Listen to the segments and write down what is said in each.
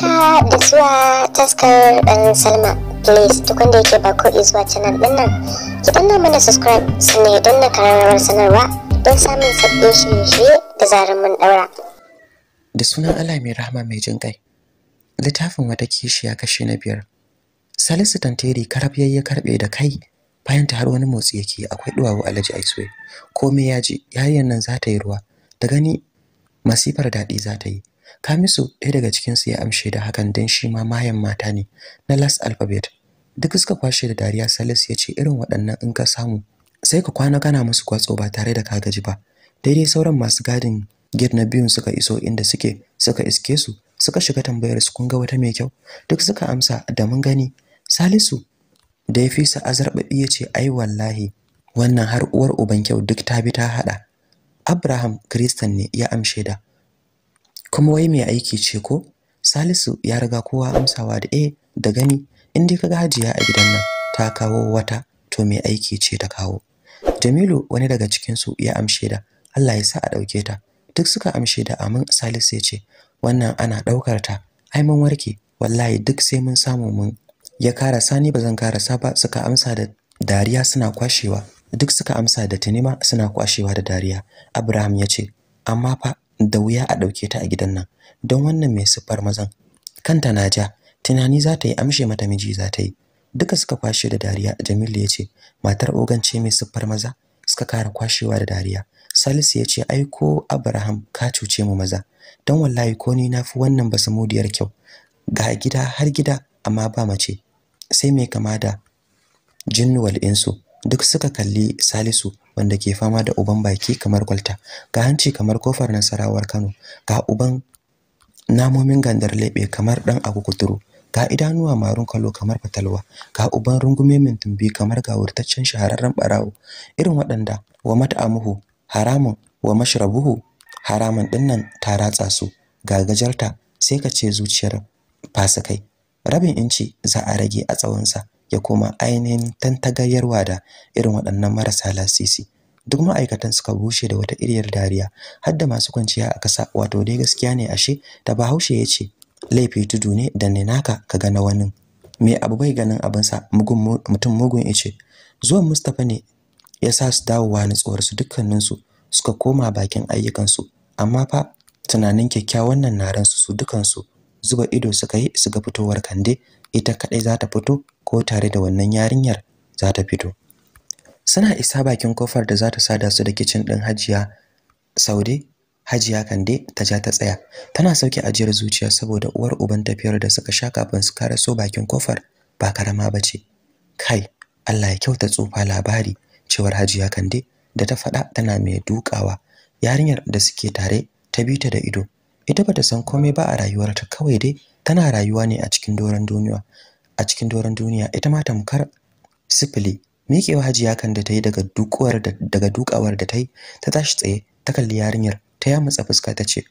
haka da zuwa taskar dan salma please duk wanda yake ba ko zuwa canal din nan ki danna mana subscribe sannan ya danna karamar sanarwa don samun sabbin shirye-shirye da zarar mun daura da sunan allah mai rahama mai jin kai littafin wata kishiya kashe na biyar salisu tantiri karab ya karbe da kai bayan ta har wani motsi yake akwai duwawu alaji aiswe komai ya ji yayin nan za ta yi ruwa da gani masifar daɗi za ta yi Kamisu ɗaya daga cikinsu ya amshe da hakan don shi ma mayan mata ne na last alphabet. Duk suka kwashe da dariya Salisu ya ce irin waɗannan in ka samu sai ka kwana kana musu kwatso ba tare da ka gaji ba. Daidai sauran masu gadin gate na biyun suka iso inda suke suka iske su suka shiga tambayar su kun ga wata mai kyau duk suka amsa da mun gani Salisu da ya fisa azarbabi ya ce ai wallahi wannan har uwar uban kyau duk ta bi ta haɗa. Abraham Kristan ne ya amshe da kuma wai mai aiki ce ko Salisu ya riga kowa amsawa da e da gani in dai kaga Hajiya a gidan nan ta kawo wata to mai aiki ce ta kawo Jamilu wani daga cikin su ya amshe da Allah ya sa a ɗauke ta duk suka amshe da amin Salisu ya ce wannan ana ɗaukar ta ai mun warke wallahi duk sai mun samu mun ya kara sani bazan karasa ba suka amsa da dariya suna kwashewa duk suka amsa da tunima suna kwashewa da dariya Abraham ya ce amma fa da wuya a ɗauke ta a gidan nan don wannan mai siffar mazan kanta na ja tunani za ta yi amshe mata miji za ta yi duka suka kwashe da dariya jamilu ya ce matar ogance mai siffar maza suka kara kwashewa da dariya salisu ya ce ai ko abraham ka cuce mu maza don wallahi ko ni na fi wannan basu mudiyar kyau ga gida har gida amma ba mace sai mai kama da jinnuwal insu duk suka kalli Salisu wanda ke fama da uban baki kamar kwalta ga hanci kamar kofar nasarawar Kano ga uban namomin gandar lebe kamar dan agukuturu ga idanuwa marun kalo kamar fatalwa ga uban rungume min tumbi kamar gawurtaccen shahararren barawo irin waɗanda wa mat'amuhu haramun wa mashrabuhu haramun dinnan ta ratsa su ga gajarta sai ka ce zuciyar fasikai rabin inci za a rage a tsawonsa ya koma ainihin tantagayyarwa da irin waɗannan marasa lasisi duk ma'aikatan suka bushe da wata iriyar dariya har da masu kwanciya a ƙasa wato dai gaskiya ne ashe da bahaushe ya ce laifi tudu ne da ne naka ka ga wani me abu bai ganin abinsa mutum mugun ya ce zuwan mustapha ne ya sa su dawowa nutsuwarsu dukkaninsu suka koma bakin ayyukansu amma fa tunanin kyakkyawan nan na ransu su dukansu zuba ido suka yi su ga fitowar kande ita kaɗai za ta fito ko tare da wannan yarinyar za ta fito suna isa bakin kofar da za ta sada su da kicin ɗin hajiya saude hajiya kande ta ja ta tsaya tana sauke ajiyar zuciya saboda uwar uban tafiyar da suka sha kafin su karaso bakin kofar ba karama ba ce kai allah ya kyauta tsufa labari cewar hajiya kande da ta faɗa tana mai dukawa yarinyar da suke tare ta bi ta da ido ita bata san komai ba a rayuwarta kawai dai tana rayuwa ne a cikin doron duniya a cikin doron duniya ita ma tamkar sifili miƙewa hajiya kan da ta yi daga dukuwar dukawar da ta yi ta tashi tsaye ta kalli yarinyar ta matsa fuska ta ce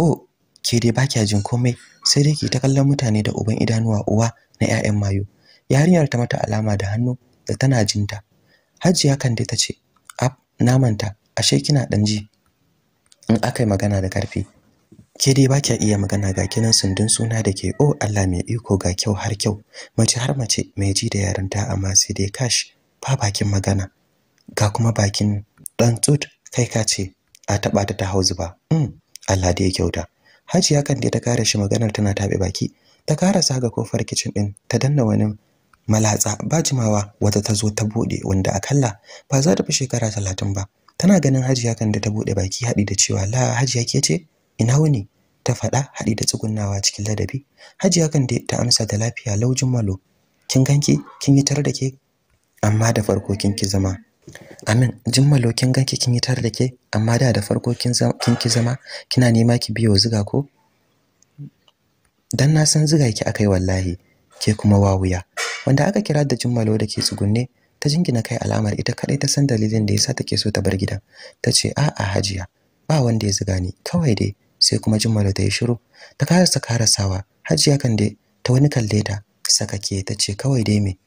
"O ke dai ba kya jin komai sai dai ki ta kallon mutane da uban idanuwa uwa na 'ya'yan mayu yarinyar ta mata alama da hannu da tana jinta hajiya kan dai ta ce ap namanta ashe kina dan in aka yi magana da karfi ke dai ba kya iya magana ga kinan sundun suna da ke oh Allah mai iko ga kyau har kyau mace har mace mai ji da yarinta amma sai dai kash ba bakin magana ga kuma bakin dan tsut kai ka ce a taba ta ta hauzu ba mm Allah da ya kyauta Hajiya kan dai ta kara shi maganar tana tabe baki ta karasa ga kofar kitchen din ta danna wani malatsa ba jimawa wata ta zo ta bude wanda akalla ba za ta fi shekara talatin ba tana ganin Hajiya kan da ta bude baki haɗi da cewa la Hajiya ke ce ina wuni ta faɗa haɗi da tsugunnawa cikin ladabi hajiya kan ta amsa da lafiya laujin malo kin ganki kin yi tar da ke amma da farko kin ki zama amin jin malo kin ganki kin yi tar da ke amma da da farko kin ki zama kina nema ki biyo ziga ko dan na san ziga ki akai wallahi ke kuma wawuya wanda aka kira da jummalo da ke tsugunne ta jingina kai alamar ita kadai ta san dalilin da yasa take so ta bar gidan tace a'a hajiya ba wanda ya ziga ni kawai dai sai kuma Jummala ta yi shiru ta karasa karasawa Hajiya kan dai ta wani kalle ta sakake ta ce kawai dai me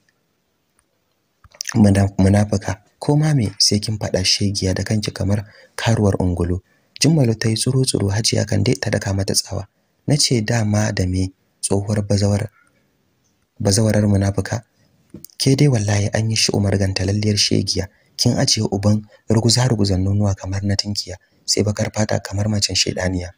munafuka ko ma me sai kin faɗa shegiya da kanki kamar karuwar ungulu Jummala ta yi tsuru-tsuru Hajiya kan dai ta daka mata tsawa nace dama da me tsohuwar bazawar bazawarar munafuka ke dai wallahi an yi shi umar lalliyar shegiya kin ajiye uban ruguza ruguzan nonuwa kamar na tinkiya sai bakar fata kamar macen shedaniya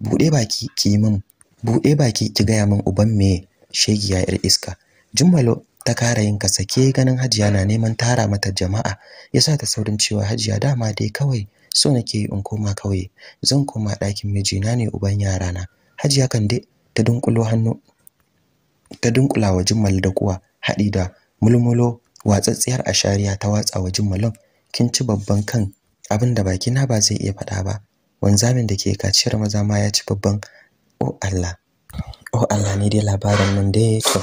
bude baki ki min bude baki ki gaya min uban me shegiya yar iska jummalo ta kara yin kasake ganin hajiya na neman tara mata jama'a yasa ta saurin cewa hajiya dama dai kawai so nake in koma kawai. zan koma ɗakin mijina ne uban yarana hajiya kan dai ta dunkulo hannu ta dunkula wa jummal da kuwa haɗi da mulmulo watsatsiyar ashariya ta watsa wa jummalon kin ci babban kan abin da bakina ba zai iya faɗa ba wanzamin da ke kaciyar maza ma ya ci babban o Allah o Allah ne dai labarin nan dai to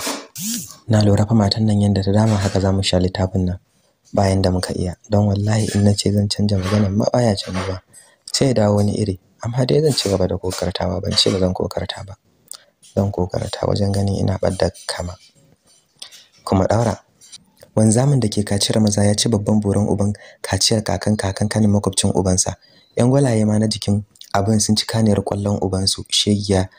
na lura fa matan nan yadda ta dama haka za mu sha littafin nan bayan da muka iya don wallahi in na ce zan canja maganar ma baya canza ba sai dawo wani iri amma dai zan ci gaba da kokartawa ban ce ba zan kokarta ba zan kokarta wajen ganin ina ɓadda kama kuma ɗaura wanzamin da ke kaciyar maza ya ci babban buran uban kaciyar kakan kakan kanin makwabcin ubansa yan gwalaye ma na jikin abin sun ci kaniyar kwallon ubansu shegiya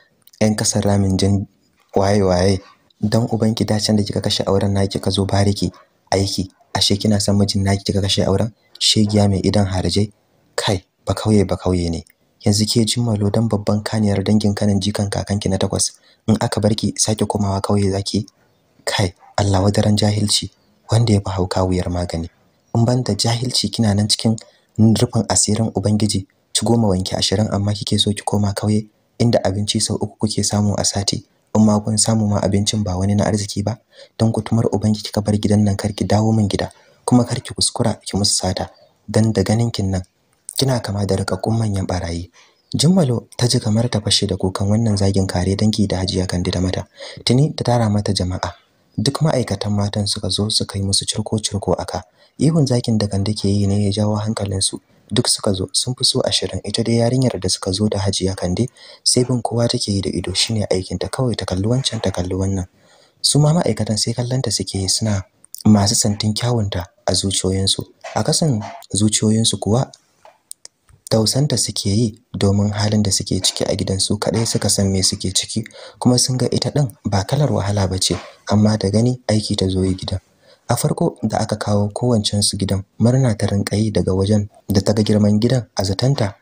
yan kasar ramin jin waye waye dan ubanki dacen da kika kashe auren naki ka zo bariki aiki ashe kina san mijin naki kika kashe auren shegiya mai idan harje kai ba kauye ba kauye ne yanzu ke jimmalo dan babban kaniyar dangin kanin jikan kakanki na takwas in aka barki sake komawa kauye zaki kai Allah wadaran jahilci wanda ya fi hauka wuyar magani in ban da jahilci kina nan cikin rufin asirin ubangiji ci goma wanke ashirin amma kike so ki koma kauye inda abinci sau uku kuke samu a sati in ma kun samu ma abincin ba wani na arziki ba don kutumar ubangiji kika bar gidan nan kar ki dawo min gida kuma kar ki kuskura ki musu sata dan da ganin kin nan kina kama da rikakkun manyan barayi Jummalo ta ji kamar ta fashe da kukan wannan zagin kare dangi da Hajiya Kande da mata. Tuni ta tara mata jama'a duk ma'aikatan matan suka zo suka yi musu cirko-cirko aka ihun zakin da Kande ke yi ne ya jawo hankalinsu duk suka zo sun fi so ashirin ita dai yarinyar da suka zo da hajiya kande sai bin kowa take yi da ido shine aikinta kawai ta kalli wancan ta kalli wannan su ma ma'aikatan sai kallanta suke yi suna masu santin kyawunta a zuciyoyinsu a kasan zuciyoyinsu kuwa tausanta suke yi domin halin da suke ciki a gidan su kadai suka san me suke ciki kuma sun ga ita din ba kalar wahala ba ce amma da gani aiki ta zo yi gidan a farko da aka kawo kowancen su gidan murna ta rinka yi daga wajen da ta ga girman gidan a zatanta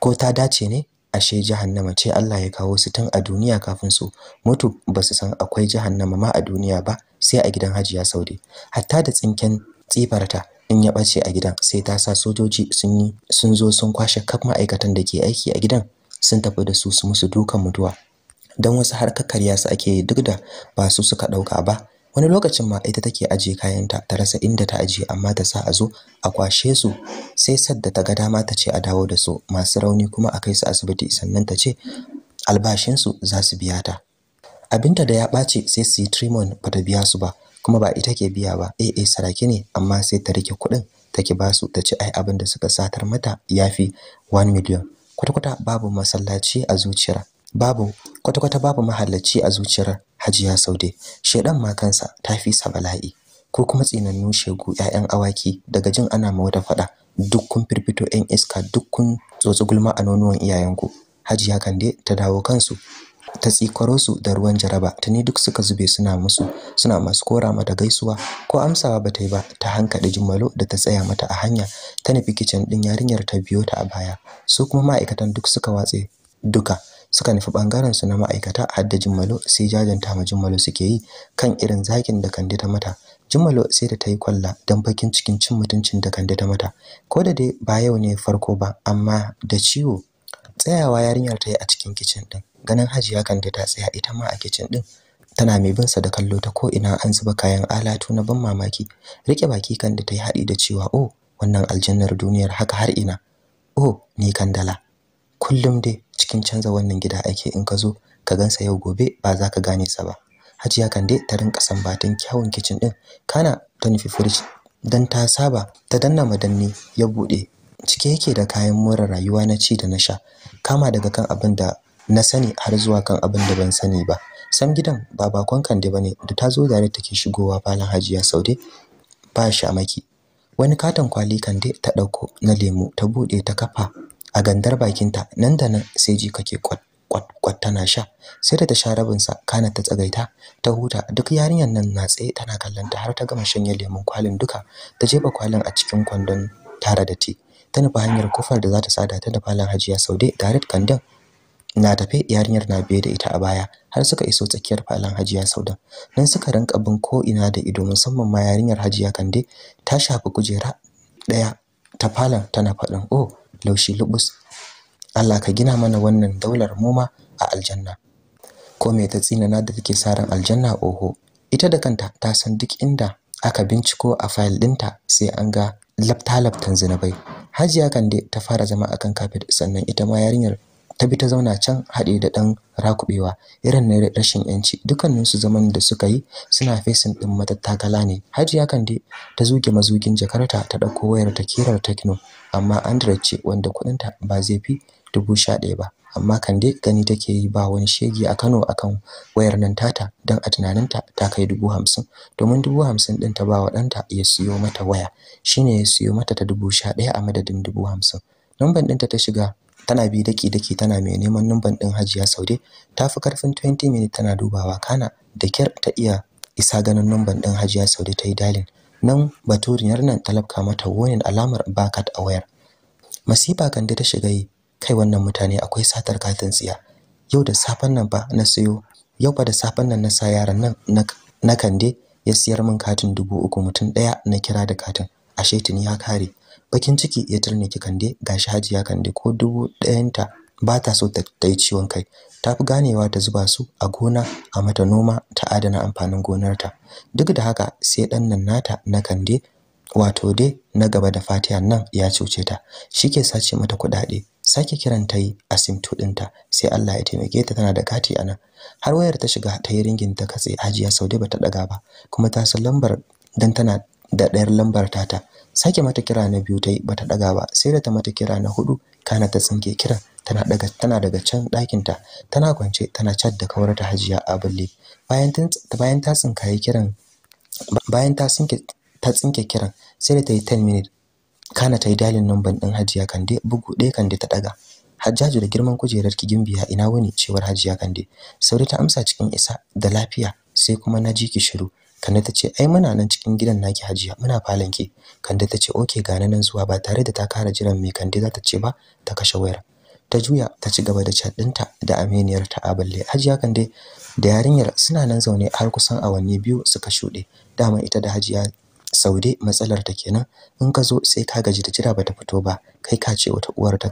ko ta dace ne ashe jahannama ce Allah ya kawo su tun a duniya kafin su mutu ba su san akwai jahannama ma a duniya ba sai a gidan Hajiya Saude hatta da tsinken tsifarta in ya ɓace a gidan sai ta sa sojoji sun yi sun zo sun kwashe kaf ma'aikatan da ke aiki a gidan sun tafi da su su musu dukan mutuwa don wasu har karya su ake yi duk da ba su suka ɗauka ba wani lokacin ma ita take ajiye kayanta ta rasa inda ta ajiye amma ta sa a zo a kwashe su sai sadda ta ga dama ta ce a dawo da su masu rauni kuma a kai su asibiti sannan ta ce albashinsu za su biya ta abinta da ya ɓace sai su yi trimon ba ta biya su ba kuma ba ita ke biya ba eh eh sarake ne amma sai ta rike kuɗin take ba su ta ci ai abin da suka satar mata yafi 1 million kwata-kwata babu masallaci a zuciyar babu kwata-kwata babu mahallaci a zuciyar Hajiya Saude shedan ma kansa ta fi sa bala'i ko kuma tsinannu shegu ƴaƴan awaki daga jin ana ma wata fada duk kun firfito ƴan iska duk kun tsotsi gulma a nonuwan iyayenku Hajiya Kande ta dawo kansu ta tsikaro su da ruwan jaraba tuni duk suka zube suna musu suna masu kora mata gaisuwa ko amsawa ba ta yi ba ta hankali jimalo da ta tsaya mata a hanya ta nufi kicin ɗin yarinyar ta biyo ta a baya su kuma ma'aikatan duk suka watse duka suka nufi bangaren su na ma'aikata har da jimalo, sai jajanta ma jimalo suke yi kan irin zakin da kande ta mata jimalo sai da ta yi kwalla don bakin cikin cin mutuncin da kande ta mata ko da dai ba yau ne farko ba amma da ciwo tsayawa yarinyar ta yi a cikin kicin ɗin, ganin hajiya kande ta tsaya ita ma a kicin ɗin, tana mai bin sa da kallo ta ko ina an zuba kayan alatu na ban mamaki rike baki kande ta yi haɗi da cewa oh wannan aljannar duniyar haka har ina oh ni kandala kullum dai cikin canza wannan gida ake in ka zo ka gansa yau gobe ba za ka gane sa ba hajiya kande ta rinka sambatun kyawun kicin ɗin, kana ta nufi firij dan ta saba ta danna madanni ya buɗe. cike yake da kayan more rayuwa na ci da na sha kama daga kan abin da na sani har zuwa kan abin da ban sani ba sam gidan ba bakon kande bane da ta zo gare take shigowa falon hajiya saude ba shamaki wani katon kwali kande ta ɗauko na lemu ta buɗe ta kafa a gandar bakinta nan da nan sai ji kake kwat kwat kwat tana sha sai da ta sha rabin sa kana ta tsagaita ta huta duk yarinyar nan na tsaye tana kallon ta har ta gama shanye lemun kwalin duka ta jefa kwalin a cikin kwandon tara da ti ta nufa hanyar kofar da za ta sada ta da falon hajiya saude direct kandan na tafe yarinyar na biye da ita a baya har suka iso tsakiyar falon hajiya saudan nan suka rinka bin ko ina da ido musamman ma yarinyar hajiya kande ta shafi kujera daya ta falon tana faɗin oh laushi lubus Allah ka gina mana wannan daular moma a aljanna ko me ta tsina na da take saran aljanna oho ita da kanta ta san duk inda aka binciko a fayil dinta sai an ga labta labtan zinabai hajiya kande ta fara zama a kan kafet sannan ita ma yarinyar ta bi ta zauna can haɗe da ɗan rakuɓewa irin na rashin yanci dukkaninsu zaman da suka yi suna fesin ɗin matattakala ne hajiya kande ta zuge mazugin jakarta ta ɗauko wayar ta kirar tekno amma android ce wanda kuɗinta ba zai fi dubu sha ɗaya ba amma Kande gani take yi ba wani shege a Kano akan wayar nan tata dan a tunaninta ta kai dubu hamsin domin dubu hamsin ɗin ta bawa ɗanta ya siyo mata waya shine ya siyo mata ta dubu sha ɗaya a madadin dubu hamsin numban ɗinta ta shiga tana bi daki daki tana mai neman numban ɗin Hajiya Saude ta fi karfin 20 minutes tana dubawa kana da kyar ta iya isa ganin numban ɗin Hajiya Saude ta yi dalin nan baturiyar nan talabka mata wonin alamar bakat a wayar masifa Kande ta shiga yi kai wannan mutane akwai satar katin tsiya yau da safen nan ba na siyo yau ba da safen nan na sa yaran nan na kande ya siyar min katin dubu uku mutum ɗaya na kira da katin ashe tuni ya kare bakin ciki ya ki kande gashi hajiya kande ko dubu ɗayanta ba ta so ta yi ciwon kai ta fi ganewa ta zuba su a gona a mata noma ta adana amfanin gonarta duk da haka sai ɗan nan nata na kande wato dai na gaba da fatiya nan ya cuce ta shi ke sace mata kuɗaɗe sake kiran ta yi a simtu ɗinta sai Allah ya taimake ta tana da kati nan. har wayar ta shiga ta yi ringin ta katse Hajiya Saude bata daga ba kuma ta san lambar dan tana da ɗayar lambar tata sake mata kira na biyu ta yi bata daga ba sai da ta mata kira na hudu kana ta tsinke kiran tana daga tana daga can ɗakinta tana kwance tana chat da kawar ta Hajiya bulle bayan ta bayan ta tsinka kiran bayan ta tsinke ta tsinke kiran sai da ta yi 10 minutes kana ta yi dalin numban ɗin hajiya kande bugu ɗaya kande ta ɗaga hajjaju da girman kujerar ki gimbiya ina wani cewar hajiya kande sauri ta amsa cikin isa da lafiya sai kuma na ji ki shiru kande ta ce ai muna nan cikin gidan naki hajiya muna ki? kande ta ce oke gane nan zuwa ba tare da ta kara jiran mai kande za ta ce ba ta kashe wayar ta juya ta ci gaba da chat ɗinta da aminiyar ta aballe hajiya kande da yarinyar suna nan zaune har kusan awanni biyu suka shuɗe dama ita da hajiya saude matsalar ta kenan in ka zo sai ka gaji da jira bata fito ba kai ka ce wata uwar ta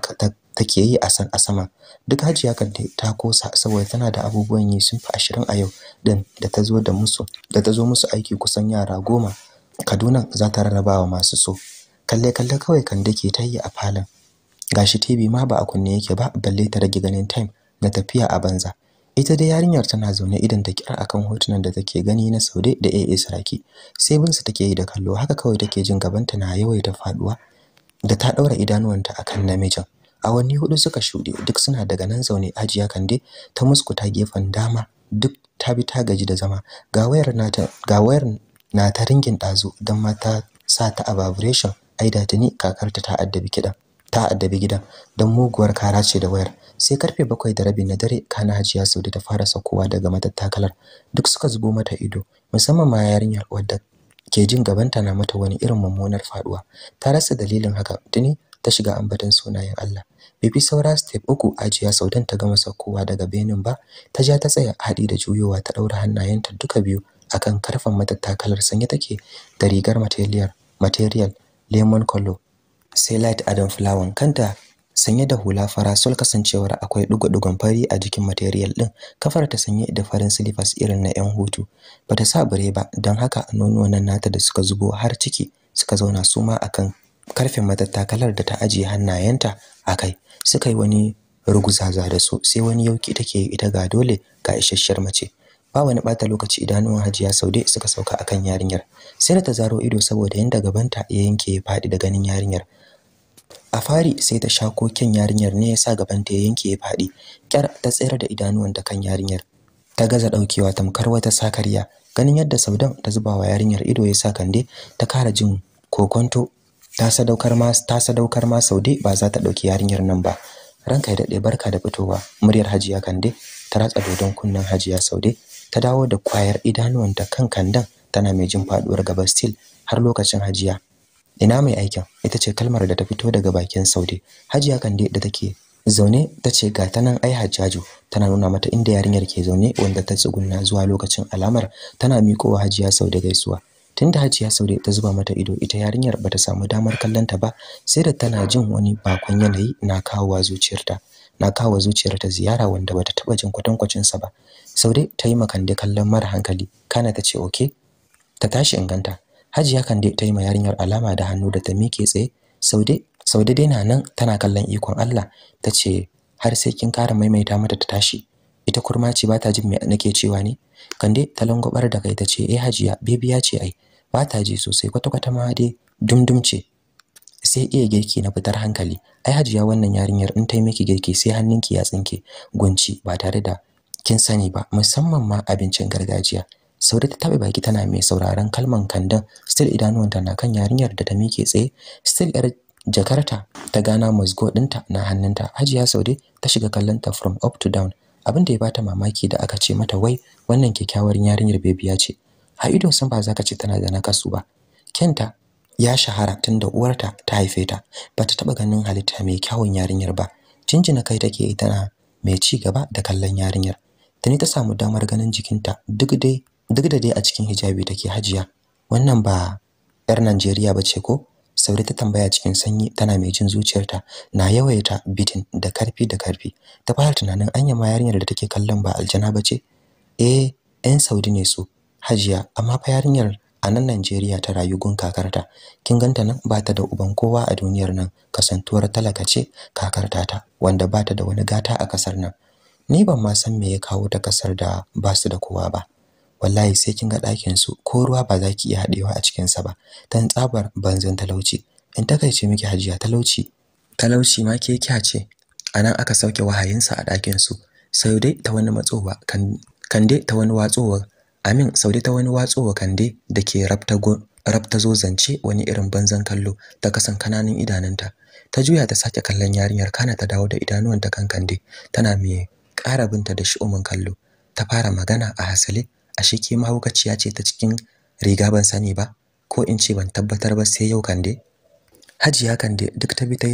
take yi a san a sama duk hajiya kan ta kosa saboda tana da abubuwan yi sun fi ashirin a yau din da ta zo da musu da ta zo musu aiki kusan yara goma kaduna za ta rarrabawa masu so kalle kalle kawai kan dake ta yi a falon gashi tv ma ba a kunne yake ba balle ta rage ganin time na tafiya a banza ita dai yarinyar tana zaune idan ta kira akan hotunan da take gani na Saude da AA Saraki sai binsa take yi da kallo haka kawai take jin gabanta na yawaita faduwa da ta daura idanuwanta akan namijin awanni hudu suka shuɗe duk suna daga nan zaune ajiya kande ta muskuta gefen dama duk ta bi ta gaji da zama ga wayar nata ga wayar na ta ringin dazu dan mata sa ta a vibration aida tuni kakarta ta addabi kidan ta addabi gidan don muguwar kara ce da wayar sai karfe bakwai da rabi na dare kana hajiya saudi ta fara saukowa daga matattakalar duk suka zubo mata ido musamman ma yarinyar wadda ke jin gabanta na mata wani irin mummunar faduwa ta rasa dalilin haka tuni ta shiga ambaton sunayen Allah bibi saura step uku ajiya saudan ta gama saukowa daga benin ba ta ja ta tsaya haɗi da juyowa ta ɗaura hannayenta duka biyu akan karfan matattakalar sanye take da rigar material material lemon color sai light adam flower kanta sanye da hula fara sol kasancewar akwai dugo-dugon fari a jikin material din kafar ta sanye da farin slippers irin na yan hutu bata sa bare ba don haka nan nata da suka zubo har ciki suka zauna suma akan karfin matattakalar da ta ajiye hannayenta a kai suka yi wani ruguzaza da su sai wani yauki take ita ga dole ga isasshiyar mace ba wani bata lokaci idanuwan Hajiya Saude suka sauka akan yarinyar sai da ta zaro ido saboda yanda gabanta ya yanke ya fadi da ganin yarinyar a fari sai ta sha koken yarinyar ne yasa gaban ta yanke ya faɗi kyar ta tsayar da idanuwanta kan yarinyar ta gaza daukewa tamkar wata sakarya. ganin yadda saudan ta zuba wa yarinyar ido yasa sa kande ta kara jin kokonto ta sadaukar ma ta sadaukar ma saude ba za ta dauki yarinyar nan ba ranka ya dade barka da fitowa muryar hajiya kande ta ratsa dodon kunnen hajiya saude ta dawo da kwayar idanuwanta kan kandan tana mai jin faduwar gaba still har lokacin hajiya ina mai aikin ita ce kalmar da ta fito daga bakin saude hajiya kande da take zaune ta ce ga ta ai hajjaju tana nuna mata inda yarinyar ke zaune wanda ta tsugunna zuwa lokacin alamar tana miƙowa hajiya saude gaisuwa tunda hajiya saude ta zuba mata ido ita yarinyar bata samu damar kallonta ba sai da tana jin wani bakon yanayi na kawowa zuciyarta na kawo zuciyarta ziyara wanda bata taba jin kwatankwacin sa ba saude ta yi makande kallon mara hankali kana ta ce okay ta tashi inganta Hajiya kan dai ta yi ma yarinyar alama da hannu da ta miƙe tsaye. Saude Saude dai na nan tana kallon ikon Allah ta ce har sai kin ƙara maimaita mata ta tashi. Ita kurma ce ba ta jin me nake cewa ne. Kande ta langwabar da kai ta ce eh Hajiya bebiya ce ai ba ta ji sosai kwata-kwata ma dai dumdum ce. sai iya girki na fitar hankali ai hajiya wannan yarinyar in ta yi miki girki sai hannunki ya tsinke gunci ba tare da kin sani ba musamman ma abincin gargajiya Saude ta tabe baki tana mai sauraron kalman kandan still idanuwanta na kan yarinyar da ta mike tsaye still yar jakarta ta gana musgo dinta na hannunta Hajiya Saude ta shiga kallon ta from up to down abin da ya bata mamaki da aka ce mata wai wannan kyakkyawar yarinyar bebiya ce ha ido san ba za ka ce tana da nakasu ba kenta ya shahara tun da uwarta ta haife ta bata taba ganin halitta mai kyawun yarinyar ba jinjina kai take tana mai ci gaba da kallon yarinyar Tani ta samu damar ganin jikinta duk dai duk da dai a cikin hijabi take hajiya wannan ba yar Najeriya bace ko Saudi ta tambaya cikin sanyi tana mai jin zuciyarta na yawaita bitin da karfi da karfi ta fara tunanin anya ma yarinyar da take kallon ba aljana bace eh ɗan Saudi ne su hajiya amma fa yarinyar a nan Najeriya ta rayu gun kakarta kin ganta nan ba ta da uban kowa a duniyar nan kasantuwar talaka ce kakarta ta wanda ba ta da wani gata a kasar nan ni ban ma san me ya kawo ta kasar da ba su da kowa ba wallahi sai kin ga ɗakin su ko ruwa ba za ki iya haɗewa a cikin sa ba dan tsabar banzan talauci in ta takaice miki hajiya talauci talauci ma ke kya ce anan aka sauke wahayinsa a ɗakin su sau dai ta wani matsowa kande ta wani watsowa amin sau dai ta wani watsowa kande da ke rabta zo zance wani irin banzan kallo ta kasan kananan idanunta ta juya ta sake kallon yarinyar kana ta dawo da idanuwanta kan kande tana mai ƙara binta da shi'umin kallo ta fara magana a hasale ashe ke mahaukaciya ce ta cikin riga ban sani ba ko in ce ban tabbatar ba sai yau kande hajiya kande duk ta bi ta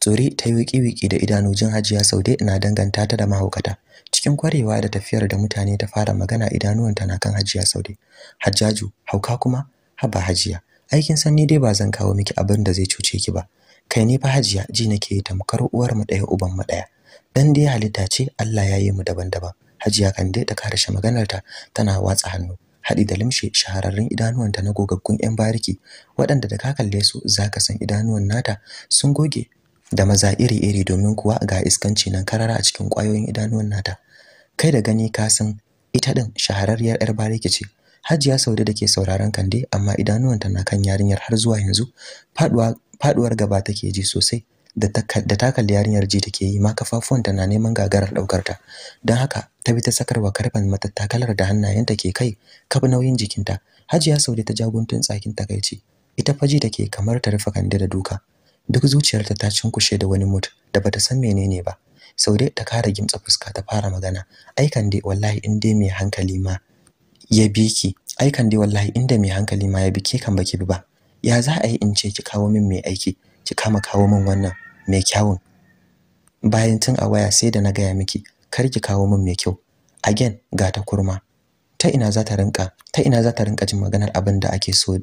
tsori ta yi wiki-wiki da jin hajiya saude na danganta ta da mahaukata cikin kwarewa da tafiyar da mutane ta fara magana idanuwanta na kan hajiya saude hajjaju hauka kuma haba hajiya aikin sanni dai ba zan kawo miki abin da zai cuce ki ba kai ne fa hajiya ji nake tamkar uwar mu ɗaya uban mu ɗaya dan dai halitta ce Allah ya yi mu daban-daban Hajiya Kande ta karashe maganarta tana watsa hannu, haɗi da limshe shahararrun idanuwanta na gogaggun 'yan bariki, waɗanda da ka kalle su za ka san idanuwan nata sun goge da maza iri-iri domin kuwa ga iskanci nan karara a cikin ƙwayoyin idanuwan nata. Kai da gani ka san ita ɗin shahararriyar 'yar bariki ce. Hajiya Saude da ke sauraron Kande amma idanuwanta na kan yarinyar har zuwa yanzu faɗuwar gaba take ji sosai da ta kalli yarinyar ji take yi ma kafafuwanta na neman gagarar daukar ta don haka ta bi ta sakarwa karfan matattakalar da hannayen ta ke kai kab nauyin jikinta hajiya saude ta jaguntun tsakin takaici ita faji take kamar ta rufe kande da duka duk zuciyarta ta cinkushe da wani mut da bata san menene ba saude ta kara gimtsa fuska ta fara magana ai dai wallahi in dai mai hankali ma ya biki ai dai wallahi inda mai hankali ma ya ki kan baki ba ya za a yi in ce ki kawo min mai aiki ki kama kawo min wannan mai kyawun bayan tun a waya sai da na gaya miki kar ki kawo min mai kyau again ga ta kurma ta ina za ta rinka ta ina za ta rinka jin maganar abin da ake so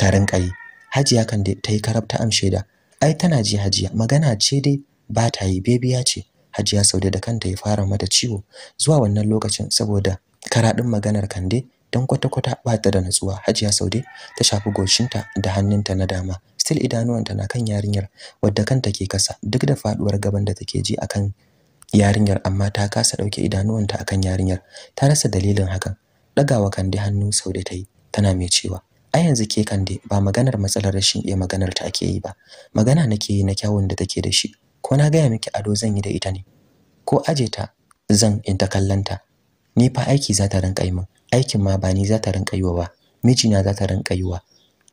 ta rinka yi hajiya kan da ta yi karab ta amshe da ai tana ji hajiya magana ce dai ba ta yi bebiya ce hajiya saude da kanta ya fara mata ciwo zuwa wannan lokacin saboda karaɗin maganar kande don kwata-kwata ba ta da natsuwa hajiya saude ta shafi goshinta da hannunta na dama still idanuwanta na kan yarinyar wadda kanta ke kasa duk da faduwar gaban da take ji akan yarinyar amma ta kasa dauke idanuwanta akan yarinyar ta rasa dalilin hakan dagawa kande hannu sau da tai tana mai cewa a yanzu ke kande ba maganar matsalar rashin iya maganar ta ake yi ba magana nake yi na kyawun da take da shi ko na gaya miki ado zan yi da ita ne ko aje ta zan in ta kallanta ni fa aiki za ta rinka yi min aikin ma ba ni za ta rinka yi wa ba mijina za ta rinka yi wa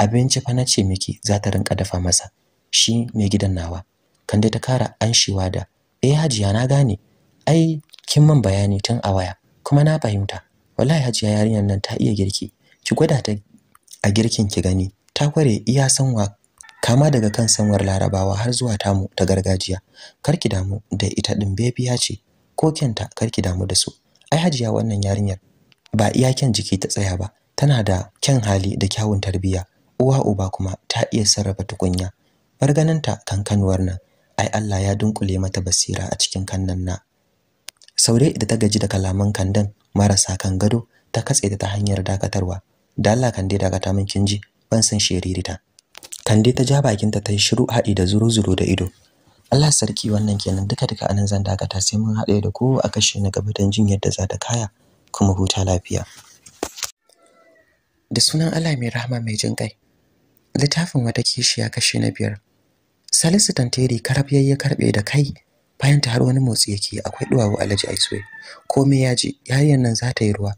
abinci fa nace miki za ta rinka dafa masa shi mai gidan nawa kande ta kara anshiwa da eh hajiya na gane ai kin man bayani tun a waya kuma na fahimta wallahi hajiya yarinyar nan ta iya girki ki gwada ta a girkin ki gani ta kware iya sanwa kama daga kan sanwar larabawa har zuwa tamu ta gargajiya karki damu da ita din bebiya ce ko kyanta karki damu da su ai hajiya wannan yarinyar ba iya jiki ta tsaya ba tana da kyan hali da kyawun tarbiyya uwa uba kuma ta iya sarrafa tukunya bar kan kanuwar nan ai Allah ya dunkule mata basira a cikin kannan na saure da ta gaji da kalaman kandan marasa kan gado ta katse ta hanyar dakatarwa da Allah kande dakata min kinji ban san shiririta kande ta ja bakinta ta yi shiru haɗi da zuru-zuru da ido Allah sarki wannan kenan duka duka anan zan dakata sai mun haɗe da ku a kashe na gaba don jin yadda za ta kaya kuma huta lafiya da sunan Allah mai rahama mai jin kai littafin wata kishiya kashe na biyar salisu tantiri karab ya karbe da kai bayan har wani motsi yake akwai duwawu alaji aiswe komai ya ji yayin nan za ta yi ruwa